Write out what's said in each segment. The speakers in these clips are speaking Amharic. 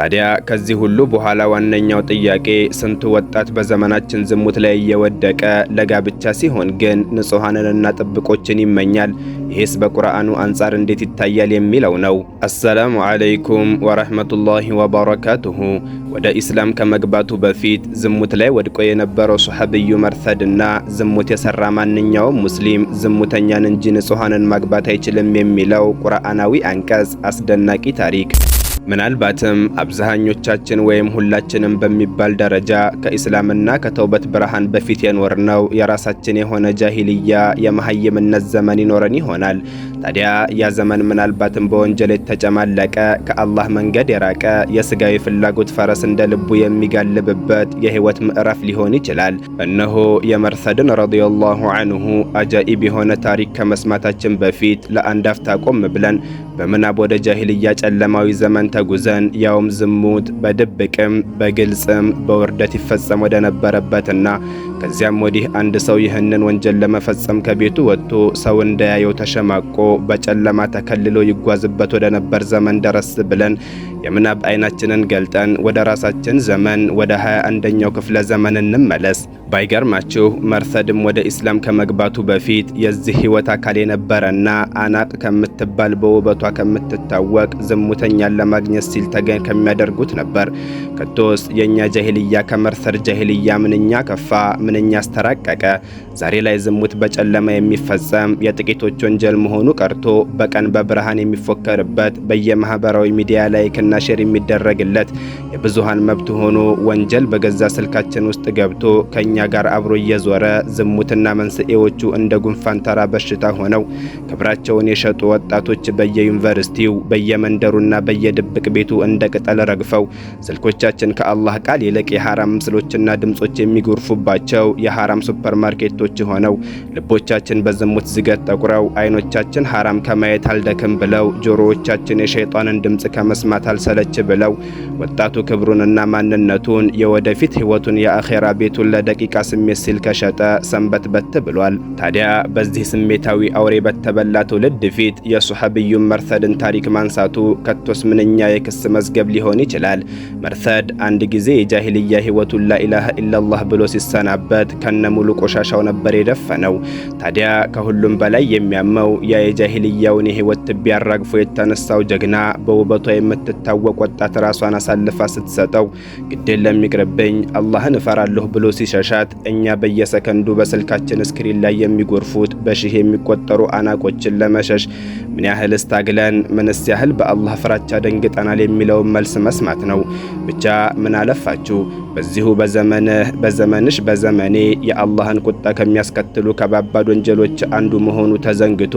ታዲያ ከዚህ ሁሉ በኋላ ዋነኛው ጥያቄ ስንቱ ወጣት በዘመናችን ዝሙት ላይ እየወደቀ ለጋብቻ ሲሆን ግን ንጹሐንንና ጥብቆችን ይመኛል? ይህስ በቁርአኑ አንጻር እንዴት ይታያል የሚለው ነው። አሰላሙ አለይኩም ወረህመቱላሂ ወበረካቱሁ። ወደ ኢስላም ከመግባቱ በፊት ዝሙት ላይ ወድቆ የነበረው ሱሐብዩ መርሰድና ዝሙት የሰራ ማንኛውም ሙስሊም ዝሙተኛን እንጂ ንጹሐንን ማግባት አይችልም የሚለው ቁርአናዊ አንቀጽ አስደናቂ ታሪክ ምናልባትም አብዛኞቻችን ወይም ሁላችንም በሚባል ደረጃ ከኢስላምና ከተውበት ብርሃን በፊት የኖርነው የራሳችን የሆነ ጃሂልያ የመሀይምነት ዘመን ይኖረን ይሆናል። ታዲያ ያ ዘመን ምናልባትም በወንጀል የተጨማለቀ ከአላህ መንገድ የራቀ የስጋዊ ፍላጎት ፈረስ እንደ ልቡ የሚጋልብበት የህይወት ምዕራፍ ሊሆን ይችላል። እነሆ የመርሰድን ረዲየላሁ አንሁ አጃኢብ የሆነ ታሪክ ከመስማታችን በፊት ለአንድ አፍታ ቆም ብለን በምናብ ወደ ጃሂልያ ጨለማዊ ዘመን ተጉዘን ያውም ዝሙት በድብቅም በግልጽም በውርደት ይፈጸም ወደ ነበረበትና ከዚያም ወዲህ አንድ ሰው ይህንን ወንጀል ለመፈጸም ከቤቱ ወጥቶ ሰው እንዳያየው ተሸማቆ በጨለማ ተከልሎ ይጓዝበት ወደ ነበር ዘመን ደረስ ብለን የምናብ አይናችንን ገልጠን ወደ ራሳችን ዘመን ወደ 21ኛው ክፍለ ዘመን እንመለስ። ባይገርማችሁ መርሰድም ወደ ኢስላም ከመግባቱ በፊት የዚህ ህይወት አካል የነበረና አናቅ ከምትባል በውበቷ ከምትታወቅ ዝሙተኛን ለማግኘት ሲል ተገን ከሚያደርጉት ነበር። ክቶስ የእኛ ጃሂልያ ከመርሰድ ጃሂልያ ምንኛ ከፋ፣ ምንኛ አስተራቀቀ። ዛሬ ላይ ዝሙት በጨለማ የሚፈጸም የጥቂቶች ወንጀል መሆኑ ቀርቶ በቀን በብርሃን የሚፎከርበት በየማህበራዊ ሚዲያ ላይክና ሼር የሚደረግለት የብዙሃን መብት ሆኖ ወንጀል በገዛ ስልካችን ውስጥ ገብቶ ከኛ ጋር አብሮ እየዞረ ዝሙትና መንስኤዎቹ እንደ ጉንፋን ተራ በሽታ ሆነው ክብራቸውን የሸጡ ወጣቶች በየዩኒቨርሲቲው በየመንደሩና በየድብቅ ቤቱ እንደ ቅጠል ረግፈው ስልኮቻችን ከአላህ ቃል ይልቅ የሐራም ምስሎችና ድምጾች የሚጎርፉባቸው የሐራም ሱፐርማርኬቶች ሆነው ልቦቻችን በዝሙት ዝገት ጠቁረው አይኖቻችን ሐራም ከማየት አልደክም ብለው ጆሮዎቻችን የሸይጣንን ድምፅ ከመስማት አልሰለች ብለው ወጣቱ ክብሩንና ማንነቱን የወደፊት ህይወቱን የአኼራ ቤቱን ለደቂ በደቂቃ ስሜት ሲል ከሸጠ ሰንበት በት ብሏል። ታዲያ በዚህ ስሜታዊ አውሬ በተበላ ትውልድ ፊት የሱሐብዩን መርሰድን ታሪክ ማንሳቱ ከቶስ ምንኛ የክስ መዝገብ ሊሆን ይችላል? መርሰድ አንድ ጊዜ የጃሂልያ ህይወቱን ላኢላሃ ኢላላህ ብሎ ሲሰናበት ከነሙሉ ቆሻሻው ነበር የደፈነው። ታዲያ ከሁሉም በላይ የሚያመው ያ የጃሂልያውን የህይወት ትቢያ አራግፎ የተነሳው ጀግና በውበቷ የምትታወቅ ወጣት ራሷን አሳልፋ ስትሰጠው ግድን ለሚቅርብኝ አላህን እፈራለሁ ብሎ ሲሸሻ ሰዓት እኛ በየሰከንዱ በስልካችን ስክሪን ላይ የሚጎርፉት በሺህ የሚቆጠሩ አናቆችን ለመሸሽ ምን ያህል ስታግለን ምንስ ያህል በአላህ ፍራቻ ደንግጠናል የሚለውን መልስ መስማት ነው። ብቻ ምን አለፋችሁ በዚሁ በዘመንሽ በዘመኔ የአላህን ቁጣ ከሚያስከትሉ ከባባድ ወንጀሎች አንዱ መሆኑ ተዘንግቶ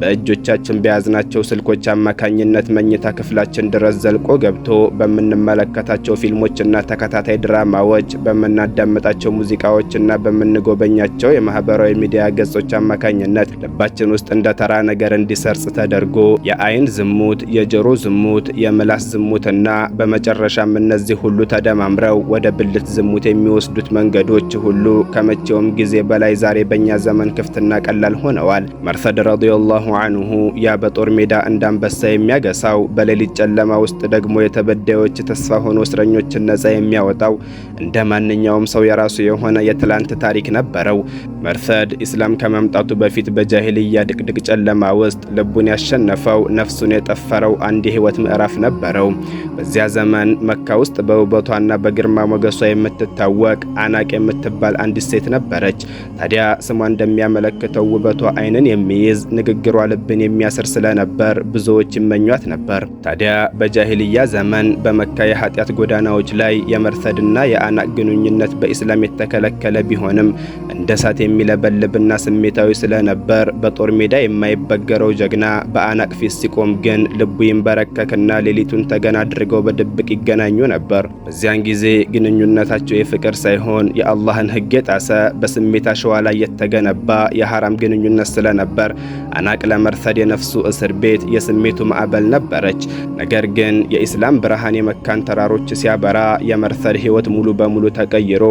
በእጆቻችን በያዝናቸው ስልኮች አማካኝነት መኝታ ክፍላችን ድረስ ዘልቆ ገብቶ በምንመለከታቸው ፊልሞችና ተከታታይ ድራማዎች፣ በምናዳምጣቸው ሙዚቃዎችና በምንጎበኛቸው የማህበራዊ ሚዲያ ገጾች አማካኝነት ልባችን ውስጥ እንደ ተራ ነገር እንዲሰርጽ ተደርጎ የአይን ዝሙት፣ የጆሮ ዝሙት፣ የምላስ ዝሙትና በመጨረሻም እነዚህ ሁሉ ተደማምረው ወደ ብልት ዝሙት የሚወስዱት መንገዶች ሁሉ ከመቼውም ጊዜ በላይ ዛሬ በእኛ ዘመን ክፍትና ቀላል ሆነዋል። መርሰድ ረዲየላሁ አንሁ ያ በጦር ሜዳ እንዳንበሳ የሚያገሳው በሌሊት ጨለማ ውስጥ ደግሞ የተበዳዮች ተስፋ ሆኖ እስረኞችን ነጻ የሚያወጣው እንደ ማንኛውም ሰው የራሱ የሆነ የትላንት ታሪክ ነበረው። መርሰድ ኢስላም ከመምጣቱ በፊት በጃሂልያ ድቅድቅ ጨለማ ውስጥ ልቡን ያሸነፈው ነፍሱን የጠፈረው አንድ የህይወት ምዕራፍ ነበረው። በዚያ ዘመን መካ ውስጥ በውበቷና በግርማ በሞገሷ የምትታወቅ አናቅ የምትባል አንዲት ሴት ነበረች። ታዲያ ስሟ እንደሚያመለክተው ውበቷ አይንን የሚይዝ ንግግሯ ልብን የሚያስር ስለነበር ብዙዎች ይመኟት ነበር። ታዲያ በጃሂልያ ዘመን በመካ የኃጢአት ጎዳናዎች ላይ የመርሰድና የአናቅ ግንኙነት በኢስላም የተከለከለ ቢሆንም እንደ እሳት የሚለበልብና ስሜታዊ ስለነበር በጦር ሜዳ የማይበገረው ጀግና በአናቅ ፊት ሲቆም ግን ልቡ ይንበረከክና ሌሊቱን ተገና አድርገው በድብቅ ይገናኙ ነበር። በዚያን ጊዜ ግን ግንኙነታቸው የፍቅር ሳይሆን የአላህን ሕግ የጣሰ በስሜት አሸዋ ላይ የተገነባ የሐራም ግንኙነት ስለነበር አናቅ ለመርሰድ የነፍሱ እስር ቤት የስሜቱ ማዕበል ነበረች። ነገር ግን የኢስላም ብርሃን የመካን ተራሮች ሲያበራ የመርሰድ ሕይወት ሙሉ በሙሉ ተቀይሮ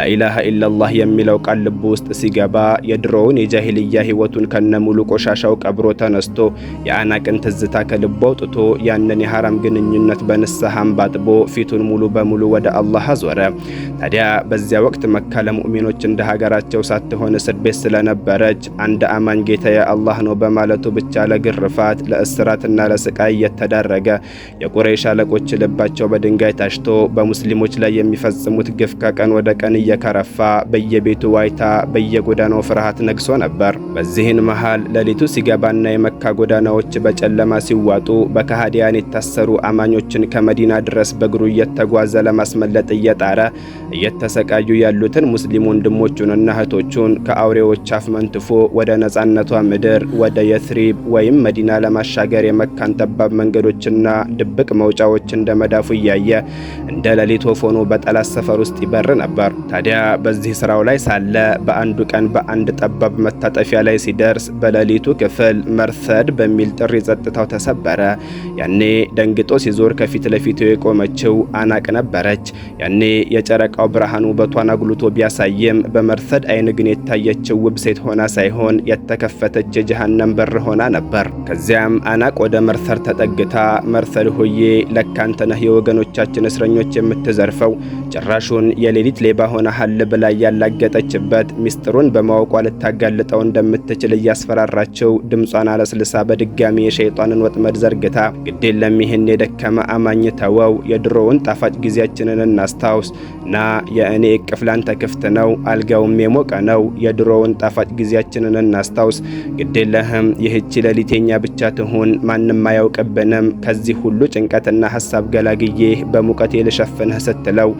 ላኢላሃ ኢላላህ የሚለው ቃል ልቡ ውስጥ ሲገባ የድሮውን የጃሂልያ ሕይወቱን ከነሙሉ ቆሻሻው ቀብሮ ተነስቶ የአናቅን ትዝታ ከልቡ አውጥቶ ያንን የሐራም ግንኙነት በንስሐም ባጥቦ ፊቱን ሙሉ በሙሉ ወደ አላህ አዞ ዞረ። ታዲያ በዚያ ወቅት መካ ለሙእሚኖች እንደ ሀገራቸው ሳትሆን እስር ቤት ስለነበረች አንድ አማኝ ጌታዬ አላህ ነው በማለቱ ብቻ ለግርፋት ለእስራትና ለስቃይ እየተዳረገ የቁረይሽ አለቆች ልባቸው በድንጋይ ታሽቶ በሙስሊሞች ላይ የሚፈጽሙት ግፍ ከቀን ወደ ቀን እየከረፋ በየቤቱ ዋይታ በየጎዳናው ፍርሃት ነግሶ ነበር። በዚህን መሃል ሌሊቱ ሲገባና የመካ ጎዳናዎች በጨለማ ሲዋጡ በካህዲያን የታሰሩ አማኞችን ከመዲና ድረስ በእግሩ እየተጓዘ ለማስመለጥ እየ እየጣረ እየተሰቃዩ ያሉትን ሙስሊም ወንድሞቹንና እህቶቹን ከአውሬዎች አፍ መንትፎ ወደ ነጻነቷ ምድር ወደ የትሪብ ወይም መዲና ለማሻገር የመካን ጠባብ መንገዶችና ድብቅ መውጫዎች እንደ መዳፉ እያየ እንደ ሌሊት ወፍ ሆኖ በጠላት ሰፈር ውስጥ ይበር ነበር። ታዲያ በዚህ ስራው ላይ ሳለ በአንዱ ቀን በአንድ ጠባብ መታጠፊያ ላይ ሲደርስ በሌሊቱ ክፍል መርሰድ በሚል ጥሪ ጸጥታው ተሰበረ። ያኔ ደንግጦ ሲዞር ከፊት ለፊቱ የቆመችው አናቅ ነበረች። ያኔ ያኔ የጨረቃው ብርሃን ውበቷን አጉልቶ ቢያሳይም በመርሰድ አይን ግን የታየችው ውብ ሴት ሆና ሳይሆን የተከፈተች የጀሃነም በር ሆና ነበር። ከዚያም አናቅ ወደ መርሰድ ተጠግታ መርሰድ ሆዬ ለካንተነህ የወገኖቻችን እስረኞች የምትዘርፈው ጭራሹን የሌሊት ሌባ ሆና ሀል ብላ ያላገጠችበት ሚስጥሩን በማወቋ ልታጋልጠው እንደምትችል እያስፈራራችው ድምጿን አለስልሳ በድጋሚ የሸይጣንን ወጥመድ ዘርግታ ግዴለም ይህን የደከመ አማኝ ተወው፣ የድሮውን ጣፋጭ ጊዜያችንን እናስታው ውስጥ ና የእኔ እቅፍ ላንተ ክፍት ነው፣ አልጋውም የሞቀ ነው። የድሮውን ጣፋጭ ጊዜያችንን እናስታውስ። ግድለህም ይህች ለሊቴኛ ብቻ ትሁን፣ ማንም አያውቅብንም። ከዚህ ሁሉ ጭንቀትና ሀሳብ ገላግዬ በሙቀት የልሸፍንህ ስትለው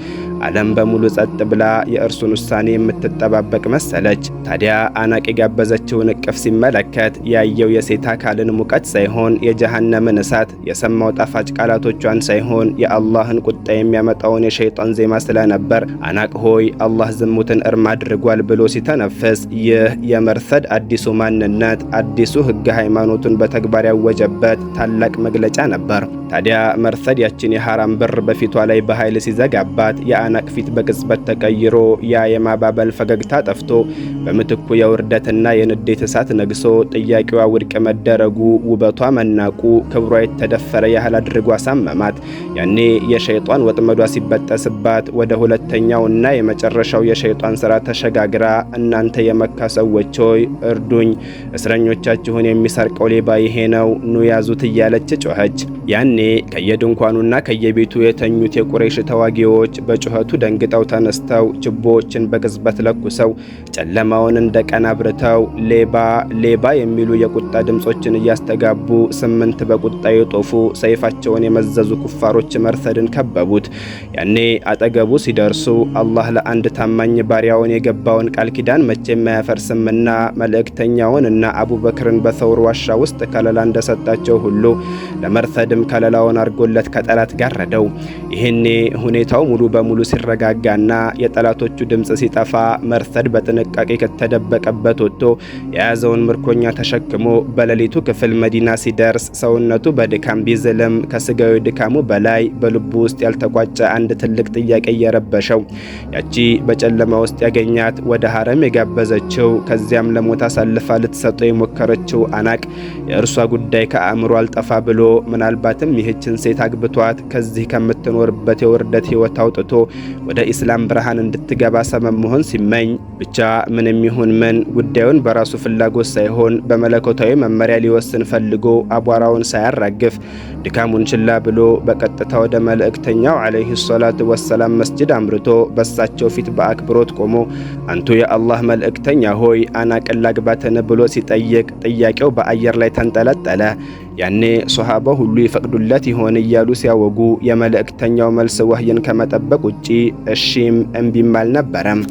ዓለም በሙሉ ጸጥ ብላ የእርሱን ውሳኔ የምትጠባበቅ መሰለች። ታዲያ አናቅ የጋበዘችውን እቅፍ ሲመለከት ያየው የሴት አካልን ሙቀት ሳይሆን የጀሃነምን እሳት፣ የሰማው ጣፋጭ ቃላቶቿን ሳይሆን የአላህን ቁጣ የሚያመጣውን የሸይጣን ዜማ ስለነበር አናቅ ሆይ አላህ ዝሙትን እርም አድርጓል ብሎ ሲተነፍስ ይህ የመርሰድ አዲሱ ማንነት አዲሱ ህግ ሃይማኖቱን በተግባር ያወጀበት ታላቅ መግለጫ ነበር። ታዲያ መርሰድ ያችን የሐራም ብር በፊቷ ላይ በኃይል ሲዘጋባት የአናቅ ፊት በቅጽበት ተቀይሮ ያ የማባበል ፈገግታ ጠፍቶ በምትኩ የውርደትና የንዴት እሳት ነግሶ ጥያቄዋ ውድቅ መደረጉ ውበቷ መናቁ ክብሯ የተደፈረ ያህል አድርጎ አሳመማት። ያኔ የሸይጧን ወጥመዷ ሲበጠስ አባት ወደ ሁለተኛው እና የመጨረሻው የሸይጣን ሥራ ተሸጋግራ እናንተ የመካ ሰዎች ሆይ እርዱኝ፣ እስረኞቻችሁን የሚሰርቀው ሌባ ይሄ ነው፣ ኑ ያዙት እያለች ጮኸች። ያኔ ከየድንኳኑና ከየቤቱ የተኙት የቁረይሽ ተዋጊዎች በጩኸቱ ደንግጠው ተነስተው ችቦዎችን በቅጽበት ለኩሰው ጨለማውን እንደ ቀን አብርተው ሌባ ሌባ የሚሉ የቁጣ ድምፆችን እያስተጋቡ ስምንት በቁጣ የጦፉ ሰይፋቸውን የመዘዙ ኩፋሮች መርሰድን ከበቡት። ያኔ አጠገቡ ሲደርሱ አላህ ለአንድ ታማኝ ባሪያውን የገባውን ቃል ኪዳን መቼም አያፈርስምና መልእክተኛውን እና አቡበክርን በሰውር ዋሻ ውስጥ ከለላ እንደሰጣቸው ሁሉ ለመርሰድም ከለላውን አድርጎለት ከጠላት ጋር ረደው። ይህኔ ሁኔታው ሙሉ በሙሉ ሲረጋጋና የጠላቶቹ ድምፅ ሲጠፋ መርሰድ በጥንቃቄ ከተደበቀበት ወጥቶ የያዘውን ምርኮኛ ተሸክሞ በሌሊቱ ክፍል መዲና ሲደርስ ሰውነቱ በድካም ቢዝልም ከስጋዊ ድካሙ በላይ በልቡ ውስጥ ያልተቋጨ አንድ ትልቅ ጥያቄ ያቺ በጨለማ ውስጥ ያገኛት ወደ ሀረም የጋበዘችው ከዚያም ለሞት አሳልፋ ልትሰጠው የሞከረችው አናቅ የእርሷ ጉዳይ ከአእምሮ አልጠፋ ብሎ ምናልባትም ይህችን ሴት አግብቷት ከዚህ ከምትኖርበት የውርደት ህይወት አውጥቶ ወደ ኢስላም ብርሃን እንድትገባ ሰበብ መሆን ሲመኝ ብቻ ምንም ይሁን ምን ጉዳዩን በራሱ ፍላጎት ሳይሆን በመለኮታዊ መመሪያ ሊወስን ፈልጎ አቧራውን ሳያራግፍ ድካሙን ችላ ብሎ በቀጥታ ወደ መልእክተኛው አለይሂ ሰላቱ ወሰላም ሰላም መስጅድ አምርቶ በሳቸው ፊት በአክብሮት ቆሞ አንቱ የአላህ መልእክተኛ ሆይ አና ቀላግባተን ብሎ ሲጠይቅ ጥያቄው በአየር ላይ ተንጠለጠለ። ያኔ ሶሃባ ሁሉ ይፈቅዱለት ይሆን እያሉ ሲያወጉ የመልእክተኛው መልስ ወህይን ከመጠበቅ ውጪ እሺም እምቢም አልነበረም።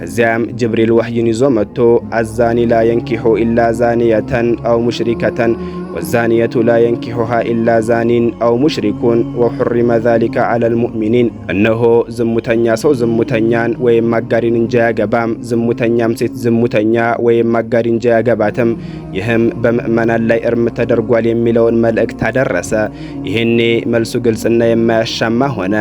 ከዚያም ጅብሪል ወህይን ይዞ መጥቶ አዛኒ ላ የንኪሑ ኢላ ዛኒየተን አው ሙሽሪከተን ወዛንየቱ ላ የንኪሑሃ ኢላ ዛኒን አው ሙሽሪኩን ወሑሪመ ዛሊከ ዐለል ሙእሚኒን። እነሆ ዝሙተኛ ሰው ዝሙተኛን ወይም ማጋሪን እንጂ አያገባም፣ ዝሙተኛም ሴት ዝሙተኛ ወይም አጋሪ እንጂ አያገባትም። ይህም በምእመናን ላይ እርም ተደርጓል የሚለውን መልእክት አደረሰ። ይህኔ መልሱ ግልጽና የማያሻማ ሆነ።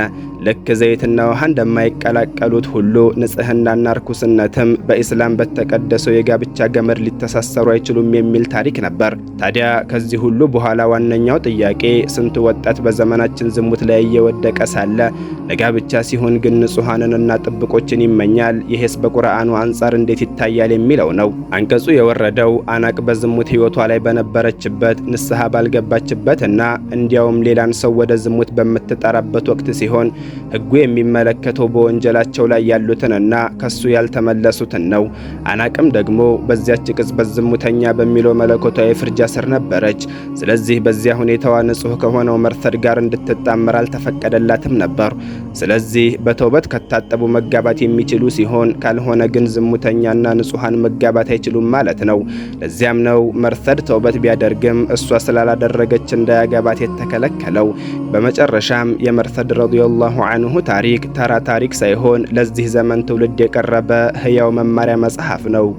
ልክ ዘይትና ውሃ እንደማይቀላቀሉት ሁሉ ንጽህናና እርኩስነትም በኢስላም በተቀደሰው የጋብቻ ገመድ ሊተሳሰሩ አይችሉም የሚል ታሪክ ነበር። ታዲያ ከዚህ ሁሉ በኋላ ዋነኛው ጥያቄ ስንት ወጣት በዘመናችን ዝሙት ላይ እየወደቀ ሳለ ለጋብቻ ሲሆን ግን ንጹሐንንና ጥብቆችን ይመኛል? ይሄስ በቁርአኑ አንጻር እንዴት ይታያል የሚለው ነው። አንቀጹ የወረደው አናቅ በዝሙት ህይወቷ ላይ በነበረችበት ንስሐ ባልገባችበትና እንዲያውም ሌላን ሰው ወደ ዝሙት በምትጠራበት ወቅት ሲሆን ህጉ የሚመለከተው በወንጀላቸው ላይ ያሉትንና ከሱ ያልተመለሱትን ነው። አናቅም ደግሞ በዚያች ቅጽበት ዝሙተኛ በሚለው መለኮታዊ ፍርጃ ስር ነበረ። ነበረች። ስለዚህ በዚያ ሁኔታዋ ንጹህ ከሆነው መርሰድ ጋር እንድትጣመር አልተፈቀደላትም ነበር። ስለዚህ በተውበት ከታጠቡ መጋባት የሚችሉ ሲሆን ካልሆነ ግን ዝሙተኛና ንጹሐን መጋባት አይችሉም ማለት ነው። ለዚያም ነው መርሰድ ተውበት ቢያደርግም እሷ ስላላደረገች እንዳያገባት የተከለከለው። በመጨረሻም የመርሰድ ረዲየላሁ አንሁ ታሪክ ተራ ታሪክ ሳይሆን ለዚህ ዘመን ትውልድ የቀረበ ህያው መማሪያ መጽሐፍ ነው።